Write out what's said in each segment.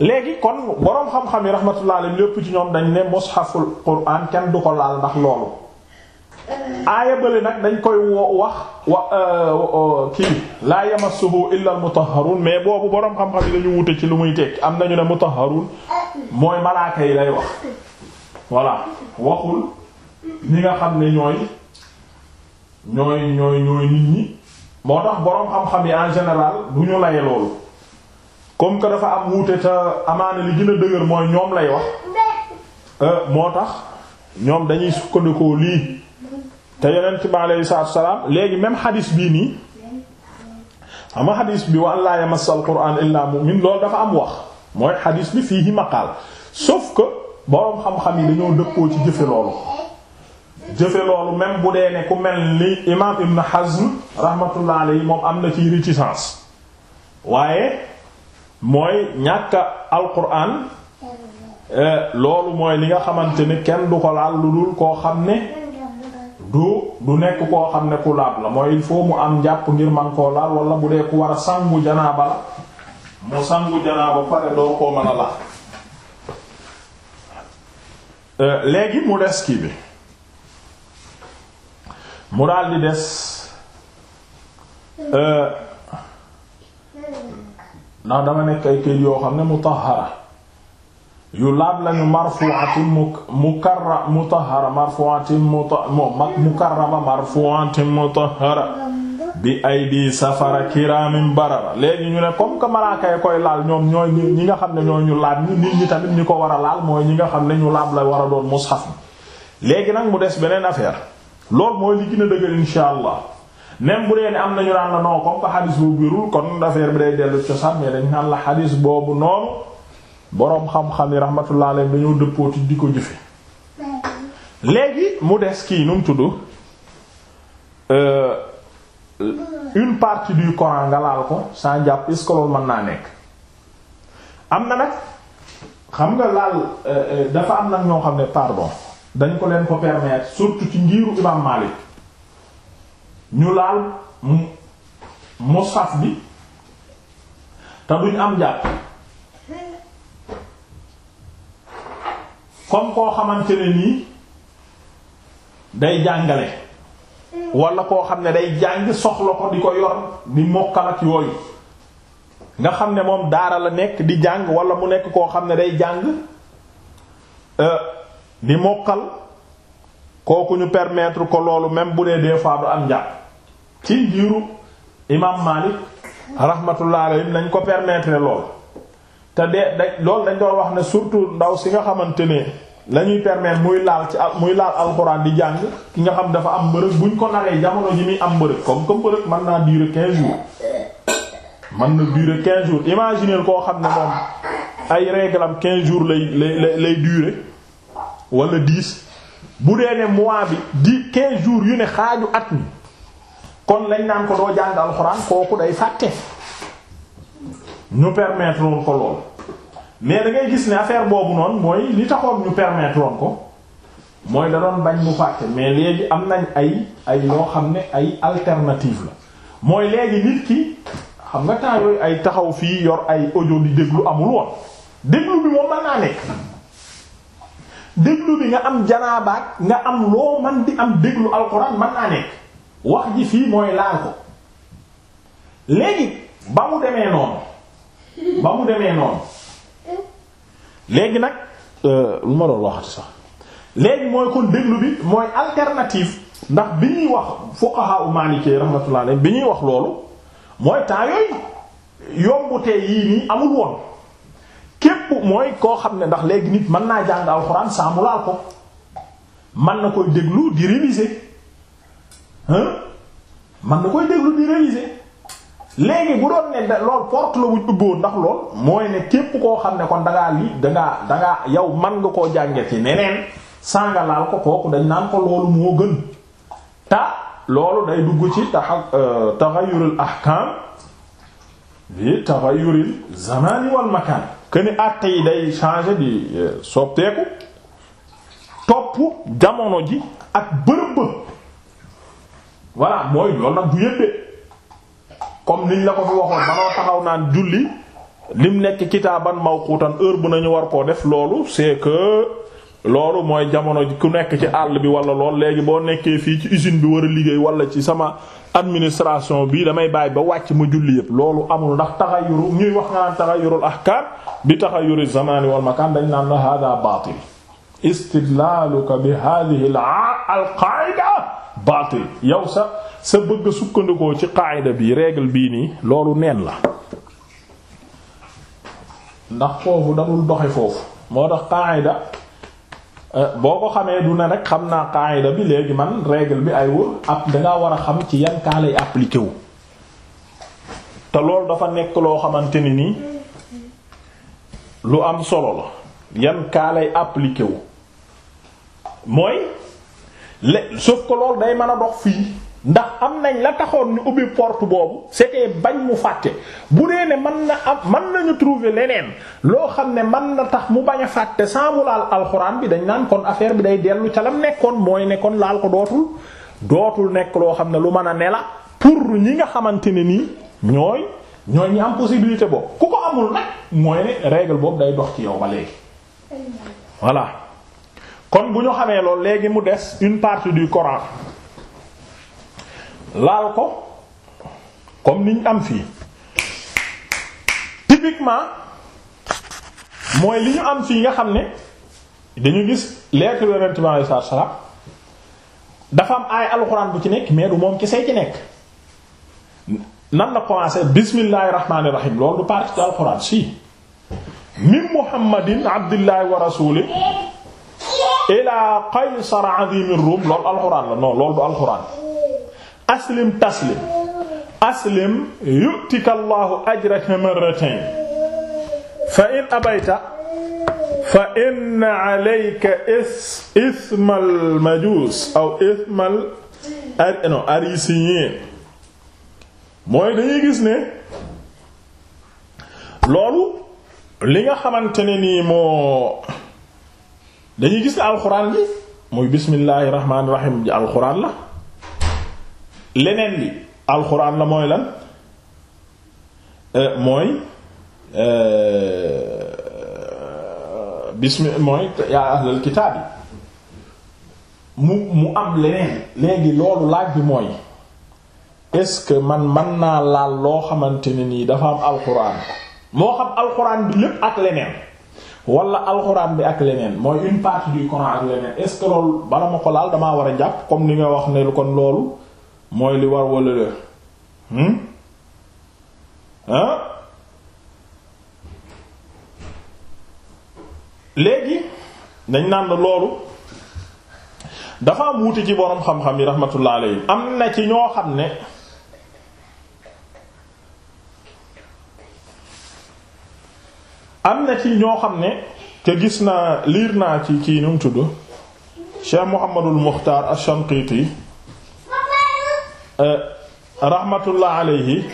léegi kon boroom xam-xam yi rahmatullah alayhi lépp ci ñoom dañ ne mushaful qur'an kenn du ko laal ndax loolu aaya bële nag dañ koy wax wa euh, euh, kii laa yamassuhu illa al mutahharun mais boobu boroom xam-xam yi dañu wute ci lu muy tekki am nañu ne mutahharun mooy malaaka yi lay wax voilà waxul ñi nga xam ne ñooy ñooy ñooy ñooy nit ñi moo tax boroom xam-xam yi en général du ñu laye loolu comme que dafa am wuute te amaana li gën a dëgër mooy ñoom lay wax euh, moo tax ñoom dañuy sukkandikoo lii te yonent bi aleyhi salaatu salaam léegi même xadis bii nii ama xadis bi wa an laa yamassal qur'aan illaa mu'min loolu dafa am wax mooy xadis bi fiihi maqaal sauf que boroom xam-xam yi dañoo dëppoo ci jëfe loolu jëfe loolu même bu dee ne ku mel ni imaam Ibn Hazm rahmatullah aleyhi moom am na ci réticence waaye mooy ñàkka alquran euh, loolu mooy li nga xamante ni kenn du ko laal lu dul koo xam ne du du nekk koo xam ne ku laab la mooy il faut mu am njàpp ngir man koo laal wala bu dee ku war a sangu janaaba la mu sangu janaaba pare doo koo mën a la euh, léegi mu des kii bi mu daal di des. Euh, ndax dama nekk ay këyit yoo xam ne mutahara yu laab lañu marfu'atin mukarra mutahara marfu'atin mukarrama marfu'atin mutahara bi aydi safara kiraamin barara léegi ñu ne comme que malaaka yi koy laal ñoom ñooy ñi nga xam ne ñooy ñu laab ñi nit ñi tamit ñi ko war a laal mooy ñi nga xam ne ñu laab la war a doon mushaf léegi nag mu des beneen affaire loolu mooy li gën a dëgër insha même mu dee ne am nañu naan la non comme que xadis bu birul kon affaire bi day dellu cosaan mais dañ naan la xadis boobu noonu boroom xam-xam yi rahmatullah alayhi dañoo dëppooti di ko jëfe léegi mu des kii nu mu tudd euh, une partie du Coran nga laal ko sans jàpp est-ce loolu mën naa nekk am na nag xam nga laal euh, euh, dafa am nag ñoo xam ne pardon dañ ko leen ko permettre surtout ci ngiiru imam Malik ñu laal mushaf bi te duñ am jàpp comme koo xamante ne nii day jàngale wala koo xam ne day jàng soxla ko di ko yor di mokkal ak yooyu nga xam ne moom daara la nekk di jàng wala mu nekk koo xam ne day jàng euh, di mokkal kooku ñu permettre ko loolu même bu dee des fois du am njàpp ci njiiru imaam Maalik rahmatullah alayhi nañ ko permettre de loolu dañ doon wax ne surtout ndaw si nga xamante ne la permettre muy laal ci muy laal alxuraan di jàng ki xam dafa am mbërëg buñ ko naree jamono ji muy am mbërëg comme que mbërëg mën naa durer 15 jours mën na durer koo xam ne moom ay réglam 15 jours lay lay lay durer wala 10 bu dee ne mois bi di 15 jours yu ne xaaju at mi. kon lañ naan ko doo jàng alxuraan kooku day fàtte ñu permettre woon ko lool mais da gis ne affaire boobu noonu mooy li taxoon ñu permettre woon ko mooy da doon bañ mu fàtte mais léegi am nañ ay ay yoo xam ne ay alternative la mooy léegi nit ki xam nga taa yooyu ay taxaw fii yor ay audio di déglu amul woon déglu bi moom mën naa nekk déglu bi nga am janaabaat nga am loo man di am déglu alxuraan mën naa nekk. wax ji fii mooy laal ko léegi ba mu demee noonu ba mu demee noonu léegi nag euh, lu ma doon waxati sax léegi mooy kon déglu bi mooy alternative ndax bi ñuy wax fuqaha u Maliki rahmatullah bi ñuy wax loolu mooy temps yombutee yii nii amul woon képp mooy koo xam ne ndax léegi nit mën naa jàng alxuraan saa mu laal ko mën na koy déglu di réviser man na koy déglu di réviser léegi bu doon ne lool porte la buñ ubboon ndax lool mooy ne képp koo xam ne kon dangaa lii dangaa dangaa yow man nga koo jànge ci neneen sàngalaal ko kooku dañ naan ko loolu moo gën ta loolu day dugg ci taxa euh, taxayurul ahkam bi taxayuril zamani wal makan këni àtte yi day changer di euh, soppeeku topp jamono ji ak bërëb voilà mooy loolu nag du yëppee comme niñ la ko fi waxoon manoo taxaw naan julli lim nekk kitaaban mawqutan heure bu nañu war koo def loolu c'est que loolu mooy jamono ku nekk ci àll bi wala lool léegi boo nekkee fii ci usine bi war a liggéey wala ci sama administration bi damay bàyyi ba wàcc mu julli yëpp loolu amul ndax taxayuru ñuy wax nga naan taxayurul ahkam bi taxayuri zamani wal makan dañ naan la hada batil istidlaluka bi hadhihi al baatil yow sa sa bëgg sukkandikoo ci qaayida bi régle bii nii loolu neen la ndax foofu dadul doxe foofu moo tax qaayida euh, boo ko xamee du ne rek xam naa qaayida bi léegi man régle bi ay wër ab dangaa war a xam ci yan kaa lay appliqué wu te loolu dafa nekk loo xamante ni nii lu am solo la yan kaalay lay wu mooy le sauf que loolu day mën a dox fii ndax am nañ la taxoon ñu ubbi porte boobu c'était bañ mu fàtte bu dee ne mën na am mën nañu trouver leneen loo xam ne mën na tax mu bañ a fàtte sans mu laal alxuraan bi dañ naan kon affaire bi day dellu ca lam nekkoon mooy ne kon laal ko dootul dootul nekk loo xam ne lu mën a ne la pour ñi nga xamante ne nii ñooy ñooy ñi am possibilité boobu ku ko amul nag mooy ne règle boobu day dox ci yow ba léegi voilà. kon bu ñu xamee lool léegi mu des une partie du Coran laal ko comme niñ am fii typiquement mooy li ñu am fii nga xam ne dañu gis leer Yonent de alayhi salaatu salaam am ay alxuraan bu ci nekk mais du moom kese ci nekk nan la commencé bismillahi rahmaani rahim loolu du partie du alxuraan si min muhammadin abdillahi wa rasuulihi ilaa qaysar azimir rum loolu alxuraan la non loolu du alxuraan aslim taslim aslim yu'tika allahu ajraka marratayn fa in abayta fa inna alayka ismal majuus aw ismal eh, arisiyin mooy dañuy gis ne loolu li nga xamante ne nii moo dañuy gis ne alxuraan gi muy bismillaahi rahmaani rahiim ji alxuraan la leneen li alxuraan la mooy lan euh, mooy euh, bismi mooy yaa ahlal kitaab yi mu mu am leneen léegi loolu laaj bi mooy est-ce que man mën naa laal loo xamante ne nii dafa am alxuraan moo xam alxuraan bi lépp ak leneen wala alxuraan bi ak leneen mooy une partie du Coran ak leneen est bala ma ko laal damaa war a jàpp comme ni nga wax ne kon loolu mooy li war wala léer hmm? léegi dañ naan la loolu dafa am wuute ci boroom xam-xam yi rahmatullah alayhi am na ci ñoo xam ne am na ci ñoo xam ne te gis naa liir naa ci kii nu mu tudd Cheikh Muhammadul Mukhtar Ash-Shanqiti euh, rahmatullah alayhi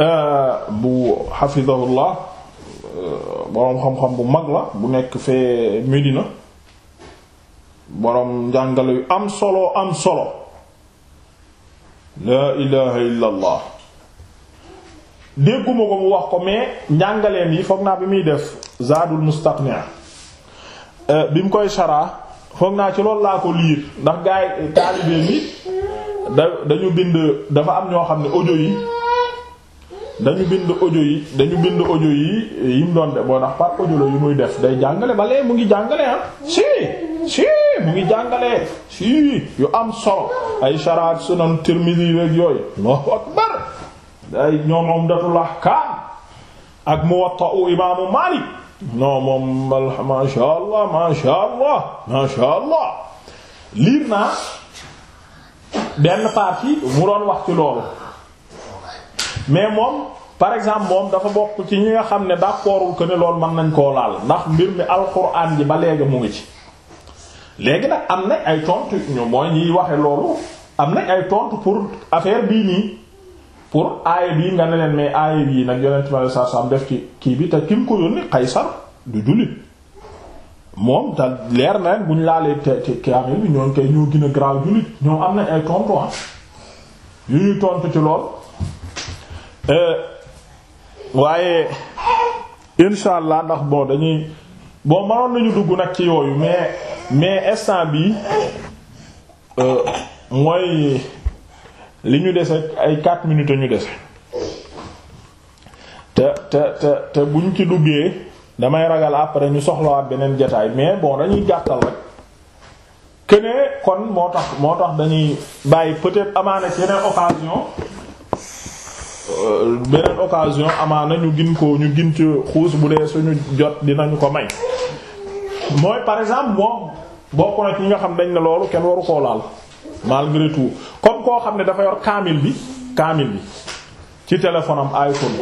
euh, bu hafizahullah euh, boroom xam-xam bu mag la bu nekk fee Medina boroom njàngale yu am solo am solo la ilaha illallah dégguma ko mu wax ko mais njàngaleen yi foog naa bi muy def Zadul Mustaqni euh, bi mu koy sharaa foog naa ci loolu laa ko liir ndax gaa yi taalibeem yi da dañu bind dafa am ñoo xam ne audio yi dañu bind audio yi dañu bind audio yi yi mu doon de boo ndax par audio la yu muy def day jàngale ba mu ngi jàngale ah si si mu ngi jàngale si yu am solo ay sharaa Sunan Tirmidhi yi yooyu Allahu akbar ay ñoom Umdatul Ahkaam ak Muwatta imaamu Maalik non moom ma ma sha Allah ma sha Allah liir naa benn partie mu doon wax ci loolu mais moom par exemple moom dafa bokk ci ñi nga xam ne d'accordul que ne lool mën nañ koo laal ndax mbir mi alxuraan ji ba léegi mu ngi ci léegi nag am na ay tontu ñu mooy ñiy waxe loolu am na ay tontu pour affaire bii nii pour aaya bii nga ne leen mais aaya bii nag yonent mi alei satu def ci kii bi te kim ko yónni Qaysar du jullit moom te leer na buñ bu ñu laalee te te kaamil bi ñoom kay ñoo gën a jullit ñoom am na ay tontu ah yu ñuy tontu ci lool euh, waaye insha allah ndax bon dañuy bon mënoon nañu dugg nag ci yooyu mais mais instant bi euh, mooy li ñu dese ay 4 minutes ñu dese te te te te buñ ci duggee damay ragal après ñu soxlawaat beneen jataay mais bon dañuy gàttal rek kene kon moo tax moo tax dañuy bàyyi peut-être amaana ci yeneen occasion euh, beneen occasion amaana ñu gin ko ñu gin ci xuus bu dee suñu jot dinañu ko may mooy par exemple moom bokk na ci nga xam dañ ne loolu kenn waru koo laal malgré tout comme koo xam ne dafa yor kaamil bi kaamil bi ci téléphone am iPhone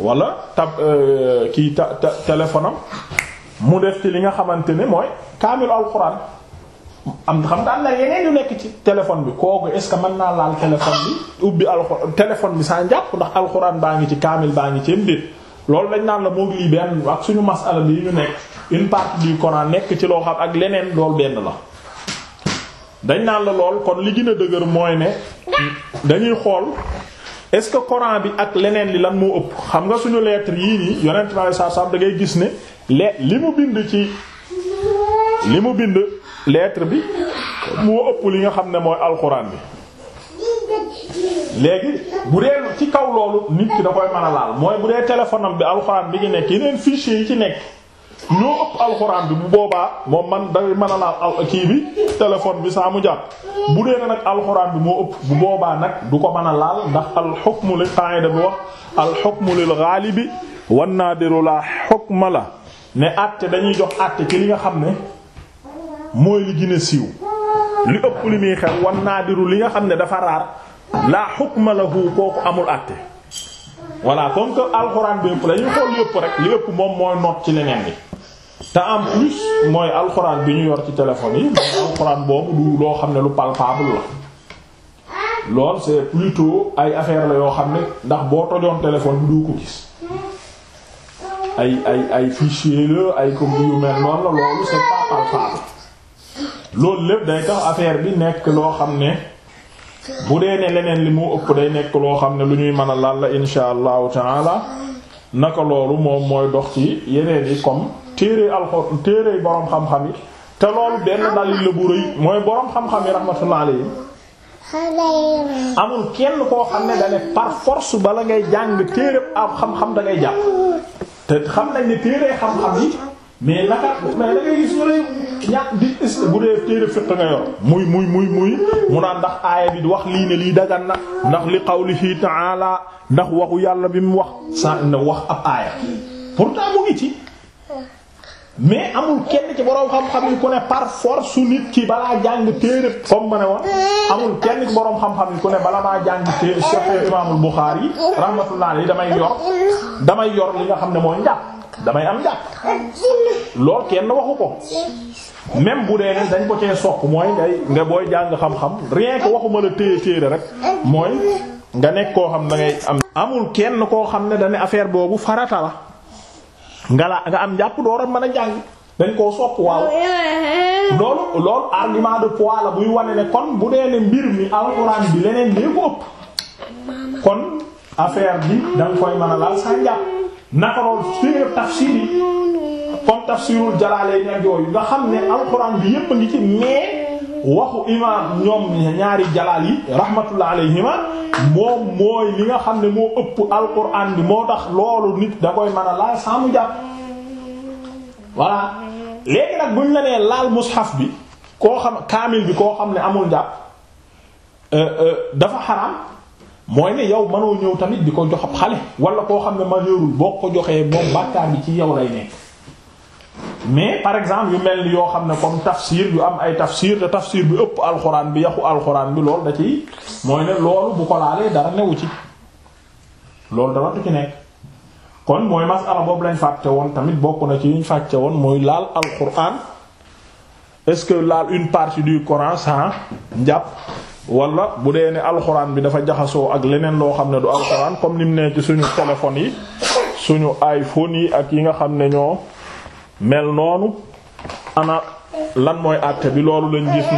wala tab euh, kii ta téléphone am mu def ci li nga xamante ne mooy kaamil alxuraan am xam nga am yeneen yu nekk ci téléphone bi kooku est ce que mën naa laal téléphone bi ubbi alxuraan téléphone bi saa njàpp ndax alxuraan baa ngi ci kaamil baa ngi ci mbir loolu dañ naan la moog lii benn ak suñu masala bi ñu nekk une partie du Coran nekk ci loo xam ak leneen loolu benn la. dañ naan la lool kon li gën a dëgër mooy ne dañuy xool est-ce que Coran bi ak leneen li lan moo ëpp xam nga suñu lettre yii nii yonent bi saa saa da ngay gis ne le li mu bind ci li mu bind lettre bi moo ëpp li nga xam ne mooy alxuraan bi. léegi bu dee ci kaw loolu nit ki da koy mën a laal mooy bu dee téléphone am bi alxuraan bi ci nekk yeneen fichier yi ci nekk. ñoo ëpp alxuraan bi bu boobaa moom man day mën laal kii bi téléphone bi saa mu jàpp bu dee nag alxuraan bi moo ëpp bu boobaa nag du ko mën a laal ndax alxukmu li qaida bi wax alxukmu lil gaalibi wan naadiru la xukma la ne àtte dañuy jox àtte ci li nga xam ne mooy li gën siiw li ëpp li muy xew wan naadiru li nga xam ne dafa raar la xukma lahu kooku amul àtte voilà comme que alxuraan bi ëpp xool li rek li ëpp moom mooy noot ci leneen bi te en plus mooy alxuraan bi ñu yor ci téléphone yi mooy alxuraan boobu loo xam ne lu palpable la lool ay affaire la yoo xam ne ndax boo tojoon téléphone bi ay ay ay yu mel noonu la lépp day tax affaire bi nekk loo xam ne bu dee ne leneen li mu ëpp day nekk loo xam ne lu ñuy mën a laal la insha allahu taala naka loolu moom mooy dox ci yeneen yi comme. téere alxuraan téere boroom xam-xam yi te loolu benn dalil la bu rëy mooy boroom xam-xam yi rahmatullah alayhi amul kenn koo xam ne da ne par force bala ngay jàng téere ab xam da ngay jàpp te xam nañ ne téere xam-xam yi mais bu dee téere fiq nga yor muy muy muy muy mu naan ndax aaya bi wax lii ne lii dagan na ndax li li qawlihi ta'ala ndax waxu yàlla bi mu wax sa na wax ab aaya pourtant mu ngi ci. mais amul kenn ci borom xam-xam yi ku ne par force su nit ki balaa jàng téere comme ma ne woon amul kenn ci borom xam-xam yi ku ne bala maa jàng téere Cheikh Imaamul Bukhari rahmatullah alayhi damay yor damay yor li nga xam ne mooy damay am kenn waxu ko. même bu dee dañ ko cee sopp mooy ngay nga booy jàng xam-xam rien que waxuma la téye téere rek mooy nga nekk koo xam da ngay am. amul kenn koo xam ne dañ affaire boobu farata la. nga la nga am jàpp door a mën a jàng dañ koo sopp waaw oh, loolu loolu argument de poids la buy wane ne kon bu dee ne mbir mi alxuraan bi leneen lee ko kon affaire bi danga koy mën a laal sa njàpp naka loolu suñu tafsir yi comme tafsirul jalaale ña jooyu nga xam ne alxuraan bi yëpp ngi ci mais waxu imaam ñoom ñaari jalaal yi rahmatullah alayhima moom mooy li nga xam ne moo ëpp alquran bi moo tax loolu nit da koy mën a laal saa mu jàpp voilà léegi nag buñ la nee laal mushaf bi koo xam kaamil bi koo xam ne amul jàpp euh, euh, dafa xaraam mooy ne yow mënoo ñëw tamit bi ko jox ab xale wala koo xam ne majeurul boo ko joxee moom bàkkaar bi ci yow lay nekk mais par exemple yu mel ni yoo xam ne comme tafsir yu am ay tafsir te tafsir bi ëpp alxuraan bi yaxu alxuraan bi loolu da ci mooy ne bu ko laalee dara ci loolu dara du ci nekk kon mooy masala boobu lañ fàtte woon tamit bokk na ci yuñ fàtte woon mooy laal alxuraan est-ce que laal une partie du Coran sans njàpp wala bu dee ne alxuraan bi dafa jaxasoo ak leneen loo xam ne du alxuraan comme ni mu nee suñu téléphone yi suñu iPhone yi ak yi nga xam ne ñoo. mel noonu ana lan mooy àtte bi loolu lañ gis